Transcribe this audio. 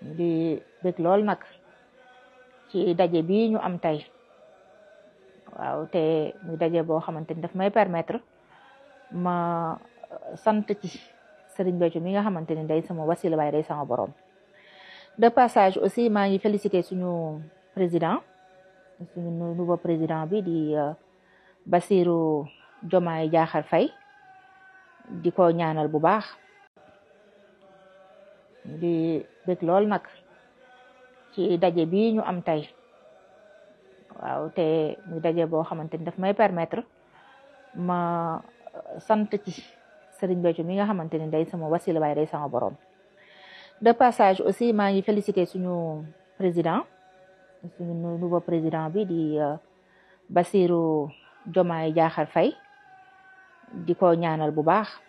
di bég lool nag ci daje bi ñu am tey waaw te muy daje boo xamante ni daf may permetre ma euh, sant ci sëriñ Béthio mi nga xamante ni day sama wasila waaye day sama boroom de passage aussi maa ngi félicité suñu président suñu nouveau président bi di euh, Bassirou Diomaye Diakhar Faye di ko ñaanal bu baax di bëgg lool nag ci daje bi ñu am tey waaw te muy daje boo xamante ni daf may permetre ma euh, sant ci Serigne Béthio mi nga xamante ni day sama wasila waaye day sama borom de passage aussi maa ngi félicité suñu président suñu nouveau président bi di euh, Bassirou Diomaye Diakhar fay di ko ñaanal bu baax